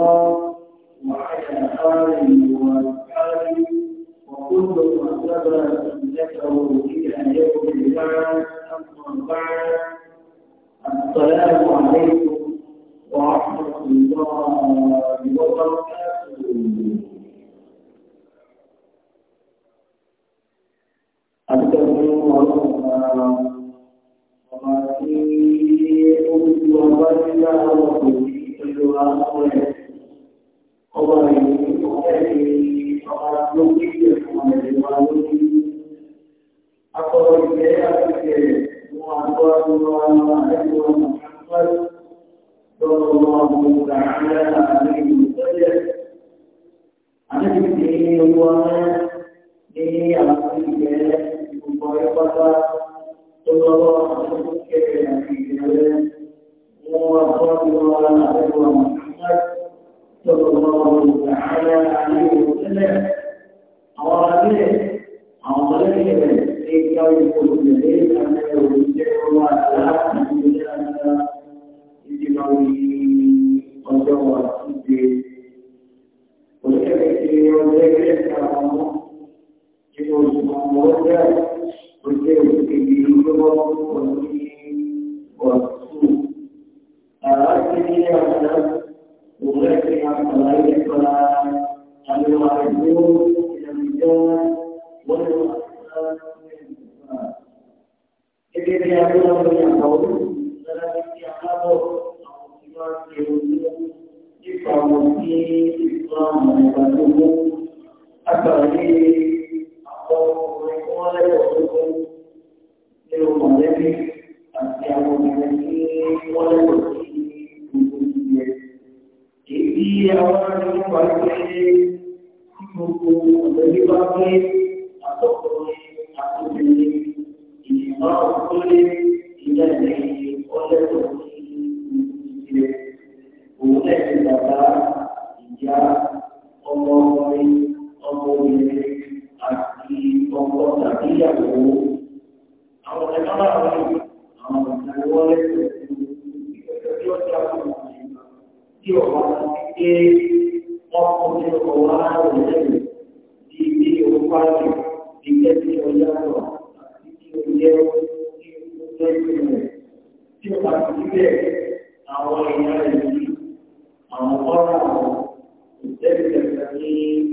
الله وعلى آله وأصحابه وكل من تبع سنته إلى يوم البعث أما بعد السلام عليكم pé àtọkùnrin àtọkùnrin ìdìbò àtọkùnrin ìdílé ọlẹ́tọ̀ ní ìdílé òun lẹ́yìn bàbá ìyá ọmọ ọkùnrin àti ọkọ tàbí ìyàwó àwọn ẹ̀ka máa wọlé àwọn ìdílé wọlé ìgbésẹ̀ tí ó ti àkókò tí ọ̀gá ti dé ọkùnrin ọ̀gá rẹ̀ lẹ́yìn wájú ìgbẹ́ tí ó yàtọ̀ àti tí ó yẹ kí ó jẹ́ ìpínlẹ̀. Tí ó bá ti àwọn èèyàn rẹ̀ àwọn ọ̀rọ̀ àwọn ìjẹ́bìtẹ̀sẹ̀ ní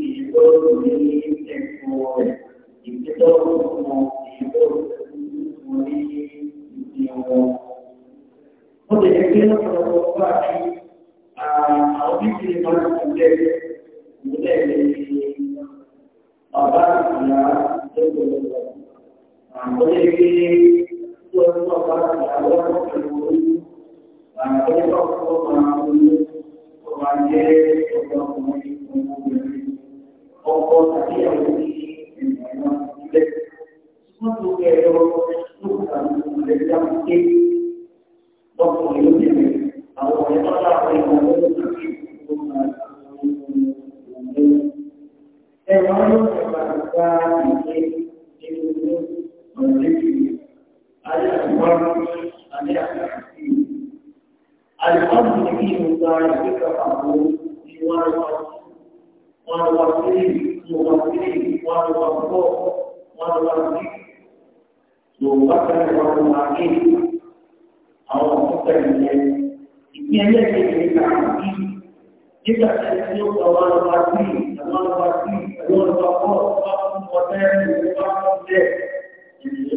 ìdílọ́rù ní ẹ̀kọ́ rẹ̀, ìdílọ́rù wọn ìdílọ́rù àlá tàbí الأمر فيه ذلك فأقول ونوصيه نوصيه ونوصيه ونوصيه نوصيه ونوصيه أو مستقبلين ìpín ẹlẹ́gbẹ̀ẹ́ ìgbà àti nígbà tí ó sọ wá lọ wá sí àwọn lọ wá sí àwọn lọ wá pọ̀ wá fún ọtẹ́ ìwé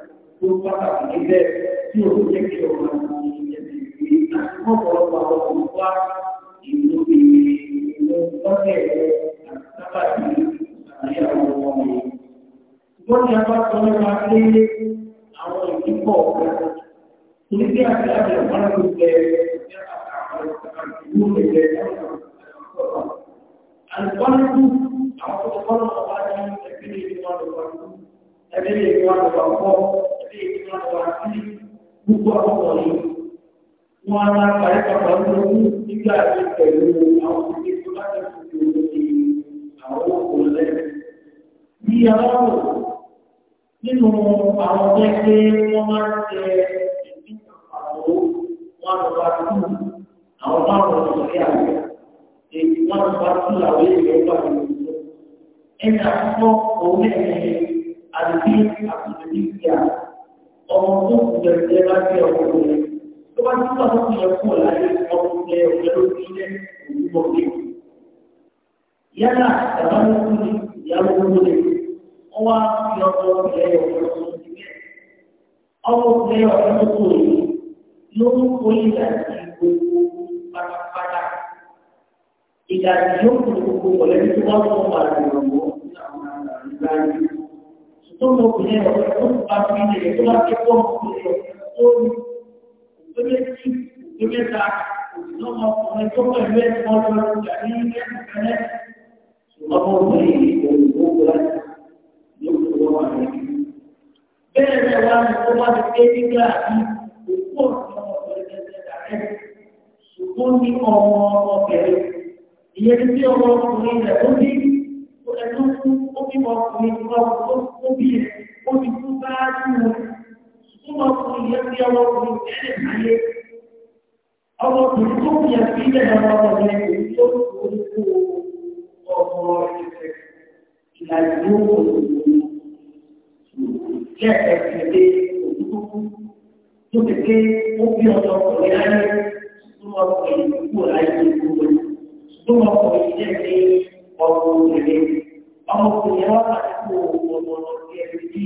non posso io una che tó pàtàkì níbẹ̀ tí ò ní jẹ́ kí ọmọ àwọn ìyẹ̀dẹ̀gbẹ̀ àti ọ̀pọ̀lọpọ̀ àwọn olùkọ́ ìlú ìlú lọ́sẹ̀ àtàkì àti àwọn ọmọ yìí. Ṣùgbọ́n ní apá kan ní máa lé àwọn ìdíkọ̀ ọ̀gá. Torí bí àti àti ọ̀gbọ́n tó bẹ ìlú ẹ̀jẹ̀ Àlùfáà ní kú àwọn ọ̀pọ̀lọpọ̀ wá ní ẹgbẹ́ ìwádìí wọn. Ẹgbẹ́ ìwádìí un po', gbogbo ẹni àkọ́kọ́ òun ẹ̀yìn àdìbí àti ìdíjà ọmọ tó kù jẹ jẹ bá jẹ ọmọ tó yẹ tó bá túbọ̀ tó kù yẹ kú láyé ọmọ jẹ ọmọ tó kù yẹ kú mọ̀ ní. yálà bàbá ló kú ní ìyàwó ló lè wọ́n wá fi ọmọ jẹ ọmọ tó kù yẹ. ọmọ jẹ ọmọ tó kù yẹ ló ń kó ìlà sí gbogbo pátápátá. ìdàgbàsókè gbogbo wọlé tí wọ́n fọwọ́ àti ìrànwọ́ ní àwọn àgbà tó mọ kò ní lọ tó ń bá fi ní rẹ̀ tó bá fi kọ́ ọmọ kò lọ tó ní tó lé sí tó lé ta lọ́mọ ọkùnrin tó pẹ̀lú ẹ̀ tó lọ gbà ní ilé ìfẹ́lẹ́ ṣùgbọ́n mo rí òyìnbó gbà yóò tó lọ wà ní. bẹ́ẹ̀ ni wà ní tó bá ti dé nígbà yìí òkú ọ̀sán ọ̀sán ẹ̀sẹ̀ dàrẹ́ ṣùgbọ́n ní ọmọ ọmọbìnrin ìyẹn tí ọmọ ọkùnrin rẹ̀ ó ní ẹ̀tọ́ fún óbímọ ọkùnrin ọkùnrin ó bí ẹ̀ ó ti kú bá jù súnmọ́ fún ìyẹ́ bí ọmọkùnrin tẹ́lẹ̀ láyé ọmọkùnrin tó kù yẹn fi ilẹ̀ ọmọ ọmọdé èyí tó kù ó kú ọmọ ẹ̀fẹ̀ ìlànà yóò wọ̀ jẹ́ ẹ̀fẹ̀dé òkúkú tó kéke ó bí ọjọ́ ọkùnrin láyé súnmọ́ ọkùnrin kú láyé tó kú súnmọ́ ọkùnrin jẹ́ pé ọmọ obìnrin ọmọkùnrin wọn bá ti kó owó lọ sí ẹni tí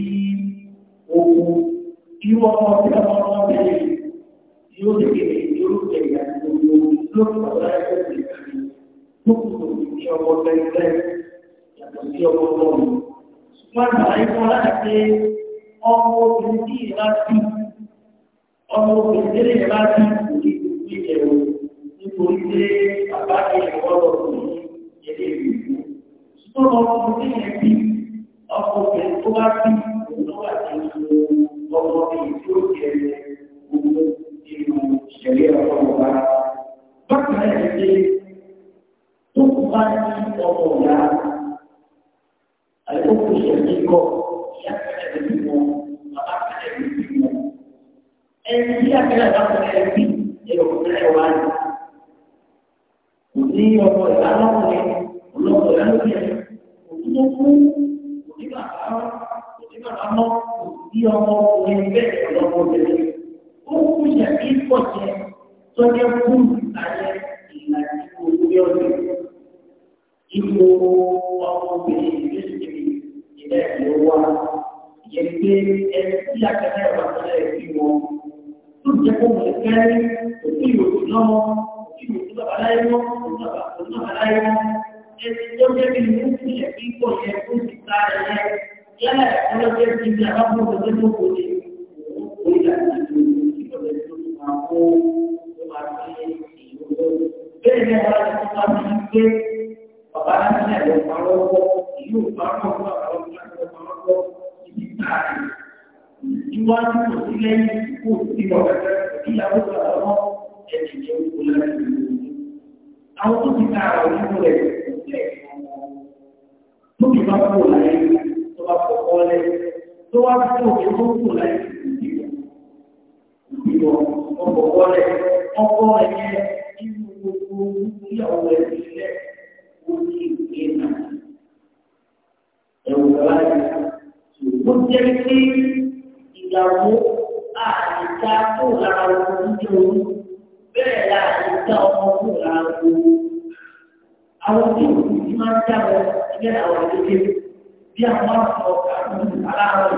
owó kí wọn kọ sí ọmọ ọmọ bẹ́ẹ̀ yóò lè kéde yóò jẹ ìyá tó lówó lórí ọ̀la ẹgbẹ́ tó lè kàlẹ́ tó kù tó lè ní ọmọ bẹ́ẹ̀ bẹ́ẹ̀ yàtọ̀ sí ọmọ bọ́ọ̀lù. wọ́n gbà láyé fún láti pé ọmọ obìnrin tí ì bá sí ọmọ obìnrin tí ì bá sí kò lè gbé ìjẹun nítorí pé bàbá mi ẹ̀ wọ́n lọ solo con te e qui ho potuto darti un nuovo aiuto dopo che tu ti un ti ti era proprio da parte di te tu parti o ora al punto che ti dico che anche del mio la parte del mio e sia che la parte del mio e lo potrei trovare un Dio poi la notte un uomo della luce tó kú kò ní bàbá kò ní bàbá mọ́ kò ní ọmọ òun bẹ́ẹ̀ lọ́wọ́ bẹ̀rẹ̀. Ó kú ìyàtí pọ̀ jẹ tọ́jọ́ fún ìtàjẹ ìlànà òwúrẹ́ ọ̀dẹ̀. Ipò ọmọbìnrin ìlú ìlú ìlẹ̀ ìlú wa yẹn pé ẹni tí akẹ́kẹ́ ẹ̀rọ àtọ́lẹ̀ ìlú wọn tó jẹ́ kó mọ̀ ẹgbẹ́ òkú ìròyìn lọ́wọ́ òkú ẹni tó jẹ́ bí mú kí ẹ̀ kí kò yẹ kó ti ta ẹ̀ yẹ yálà ọlọ́jẹ́ ti di alábọ̀dọ̀ tó tó kò lè kó ìlànà ìjọba tó ti máa kó tó máa fi ìlú bẹ́ẹ̀ ni wọ́n ti tó máa fi gbé bàbá láti ẹ̀ lọ pa lọ́wọ́ ìlú ìpamọ́ fún àwọn ìlànà ìpamọ́ lọ́wọ́ ìdí táàrí ìwádìí kò sí lẹ́yìn kó sí ọ̀gá ìyàwó ìgbà lọ́wọ́ ẹ̀ ti jẹ́ òkú lẹ́yìn ìlú àwọn tó ti ta àwọn ìlú rẹ̀ tó bá kú láyé tó bá kọ́kọ́ lẹ́ tó wá kú òkè tó kú láyé ìdìbò ọkọ̀kọ́ lẹ́ ọkọ̀ ẹ̀yẹ inú gbogbo ìyàwó ẹ̀ sílẹ̀ ó ní ìgbé náà ẹ̀wù láyé tó jẹ́ pé ìyàwó àìta tó lára ọkùnrin jẹ́ orí bẹ́ẹ̀ láàrín dá ọmọ kó lára ọkùnrin àwọn tí òkú ti máa ń dá wọn ẹgbẹ́ àwọn ìdókè bí àwọn ọkọ̀ aláàrọ̀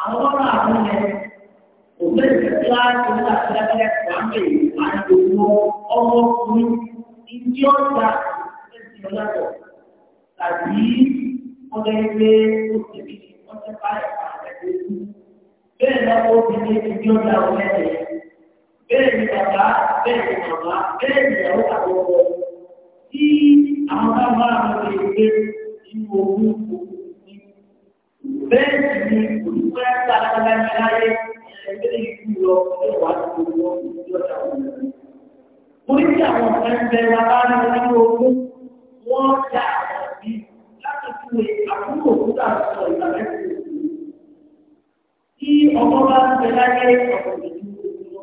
àwọn ọmọ àwọn yẹn òbí ìgbésí láti ní àtìlẹ́yìn ẹ̀kọ́ àmì àdòwò ọmọkùnrin ìdí ọjà ìgbésí ọlọ́dọ̀ tàbí ọjọ́ ilé òṣèlú ọjọ́ báyìí pàtàkì bẹ́ẹ̀ lọ́wọ́ obìnrin ìdí ọjà ọlẹ́dẹ̀ bẹ́ẹ̀ ni bàbá bẹ́ẹ̀ ni màmá bẹ́ẹ̀ ni ìyàwó àkọ́kọ́ tí àwọn bá máa ń lọ sí ìgbésí nínú owó òkúti. Bẹ́ẹ̀ sì ni olùkọ́ ẹ̀ka alágbára láyé ẹgbẹ́ ìlú lọ ní ìwà tó wọ́n ní ọjà wọn. Mo ní kí àwọn ọ̀gá ń bẹ wa bá ní nínú owó wọ́n dá àwọn bí láti fún àkókò òkúta sọ ìgbàlẹ́ Tí ọmọ bá ń bẹ láyé ọ̀pọ̀ ìdílé lọ.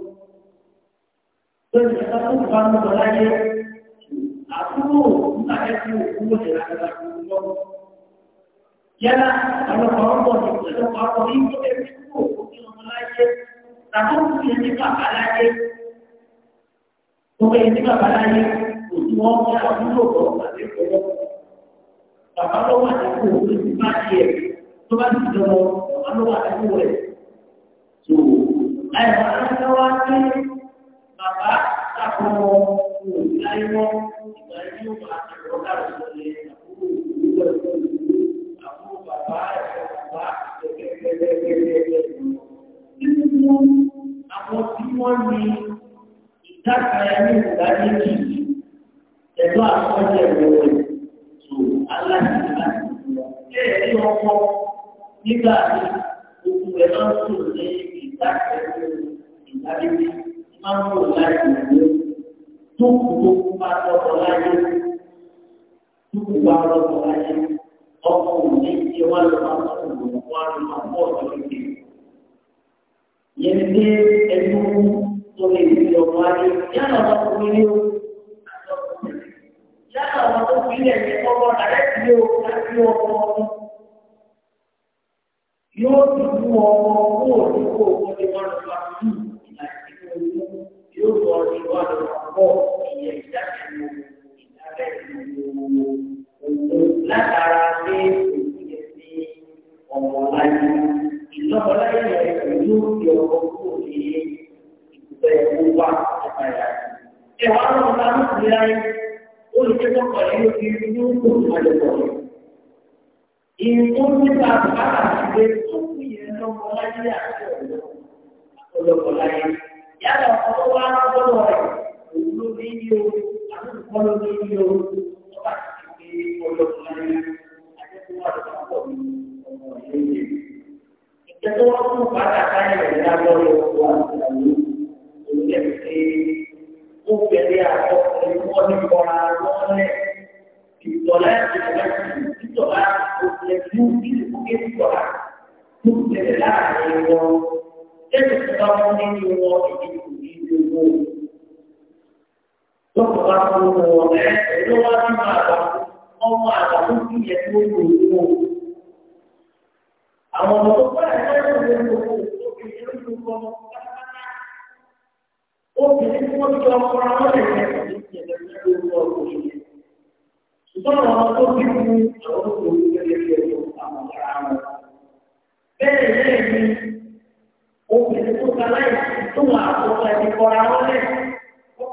Lọ́sẹ̀ ìgbà tó bá ń bọ̀ láyé àbúrò nígbà tẹ́ fi òkú lè ra ìgbà tó ń lọ. Yálà àwọn ọmọ ọmọ ní ìpínlẹ̀ ọmọ ní tó lè fi kú òkú ní ọmọ láyé. Tàbí òkú yẹn ní bàbá láyé. Gbogbo yẹn ní bàbá láyé kò tí wọ́n mú àbúrò lọ pàdé pẹ̀lú. Bàbá ló wà ní kú òkú ní tó bá ti dọ̀rọ̀ bàbá ló wà ní kú rẹ̀. Tò wá sí bàbá tàbí ọmọ òkú láyé wọ́n. Àwọn tí wọ́n ní ìdákàrà ní ìdájí kìí, ẹ̀tọ́ àkọ́jẹ́ ẹ̀rọ rẹ̀ tó aláìsí láti lọ. Ẹ̀rí ọkọ nígbà tí gbogbo ẹ̀ lọ́sùn ní ìdákàrà ní ìdájí kìí máa ń wò láìsí lọ́wọ́ tó kù láyé tó kù láyé ọkọ̀ òní tí wọ́n lọ bá tó kù lọ wọ́n lọ bá pọ̀ lọ́tọ̀ yẹn ní ẹnu tó lè fi ọmọ ayé yálà wọn kò ní o yálà wọn tó fi ilẹ̀ ní ọmọ rẹ̀ ní o láti ọmọ yóò dùn ọmọ kó o ní kó o kọ́ wọn lọ bá tó kù ìlànà ìlú yóò lọ sí wọn pọ̀ ìyẹn ìdájọ́ ìdájọ́ ìlú látara pé òkú yẹn ní ọmọláyé ìlọ́mọláyé yẹn ìlú yọ ọkọ̀ ní ìgbẹ́ ẹ̀kọ́ wà nípa ìyá. ẹ̀wọ̀n àwọn ọmọ náà ti láyé ó lè jẹ́ kọ́kọ́ nínú ti rí ní òkú ìpàdépọ̀. ìlú nípa bàbá àti ìgbé tó kú yẹn lọ́mọláyé àti ọ̀dọ́ ọlọ́mọláyé yálà ọ̀pọ̀ wá lọ́wọ́ rẹ̀ òun ló ní ní o àbúrò kọ́ ló ní ní o wọ́n bá ti ṣe ọjọ́ kan ní ajẹ́kọ̀ọ́ àdúgbò pọ̀ ní ọmọ ìlú yìí. ìjẹ́tọ́ wọn fún bàtà káyọ̀ rẹ̀ lágbọ́dọ̀ wà ìyàwó òun lè ṣe ó bẹ̀rẹ̀ àkọsílẹ̀ wọn ní kọ́ra wọn lẹ̀ ìtọ́lá ìtọ́lá ìtọ́lá òṣèlú ìlú ìtọ́lá tó bẹ̀rẹ̀ láàrin wọn. Tẹ́lifíṣàn wọn nínú wọn ìdí ìdí ìdí owó lọ́pọ̀ bá tó wọ ọ̀rẹ́ ló wá nínú àgbà ọmọ àgbà kí yẹ kó lò ó. Àwọn ọmọ tó bá ẹ̀rọ ló lè lò ó obìnrin ló lò ó pátápátá. Obìnrin tí wọ́n fi ọkọ àwọn ẹ̀rẹ́ ṣùgbọ́n àwọn tó bí mú àwọn tó ń gbélé lé àwọn ọ̀rá wọn. Bẹ́ẹ̀ bẹ́ẹ̀ ni obìnrin tó ta láì tó wà àkọ́kọ́ ẹni kọ́ra wọn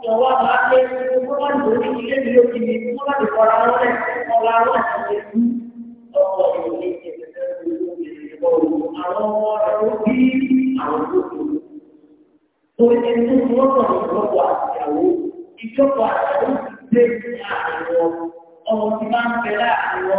ìyàwó àbá pé wọ́n bá lò ní ilé mi ló fi ní wọ́n bá ti kọ́ra wọn lẹ̀ kọ́ra ti àti ẹ̀kú lọ́wọ́ ìwé àwọn ọ̀rọ̀ bí àwọn tó ti wọ́n kàn lọ́pọ̀ àtìyàwó, ìjọba àtìyàwó ti gbé ní àárín Ọmọ ti máa ń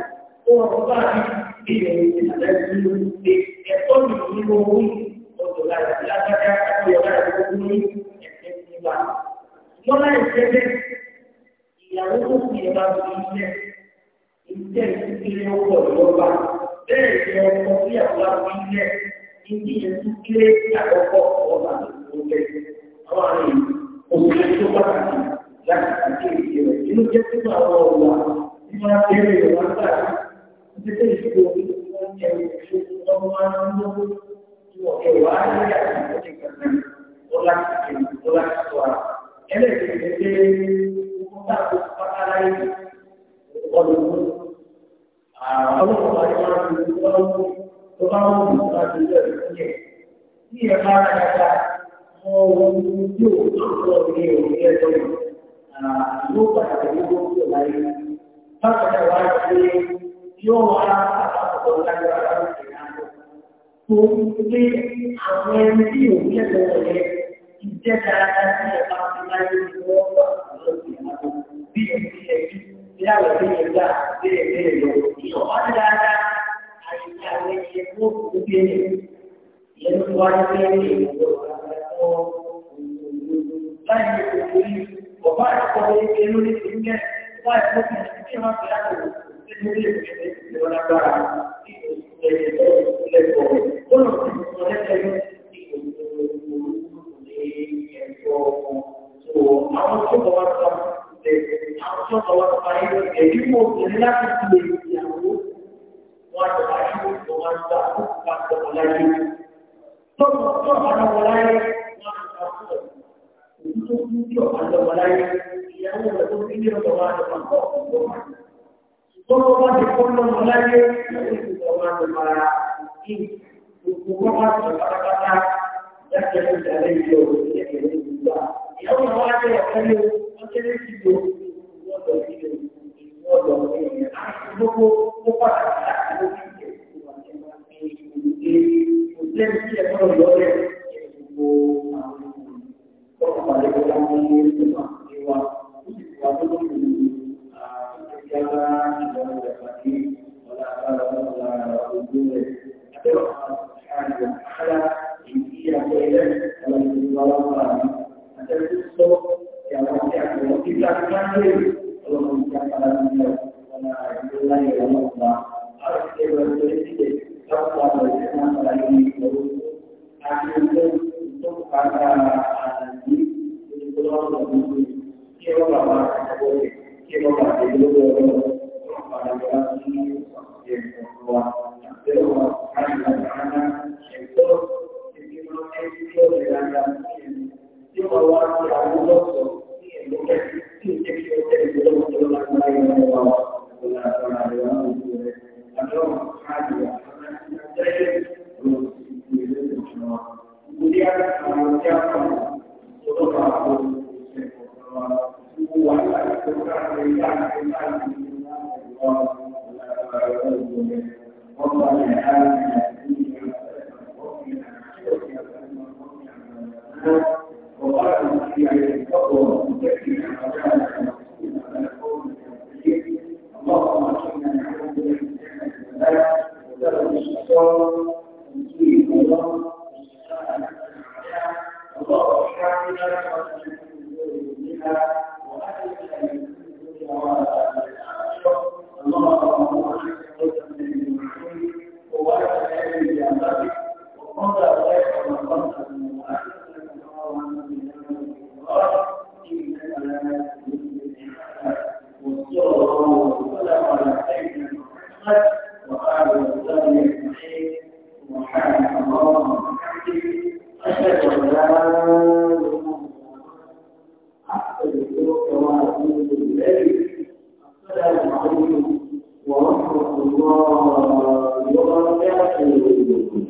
orang lagi dia ini ada dulu di ekor ini bumi untuk lagi ada kata dia ada bumi ekor mulai jadi dia urus dia bagi dia dia dia urus dia dia dia urus dia bagi dia ini yang dia ada kok orang untuk awal ini untuk itu kan lagi nílé ìṣòro ẹ̀rù ìṣòro ọmọ aráńdọ́gbọ́ tí wọ́n kẹ wá nílé àtúntò ti kàkà ọlá ti ọlá ti tó ara. ẹlẹ́gbẹ̀ẹ́ pé wọ́n bá tó pátálá yìí ọdún ọlọ́pàá yìí máa ń lu ọlọ́pàá tó bá wọn kù máa ń lu ẹ̀rù yẹ. ní ẹ̀ka àyàká wọn ò ní yóò tó lọ ní òní ẹjọ́ yìí. yóò pàtàkì ní gbogbo láyé. bákan náà wá 用完了，我那个简单就是，昨天旁边第五的那些，你现在基本上应该是多多少点那种，第五片第二个片子，对对对，第五片单单，还有下面的五五片的，也是五片的，还有还有还有，嗯我把所的片都给你整的，外部的地方不大，就是这 de una la cara y le, le, da zai yi yau da yake yi ba. Yau na wata ya kalli wata ne ke الله يرحمه أرسل ورسلته صلى الله عليه وسلم عليه وسلم أحمد الله dia mengucapkan untuk mengucapkan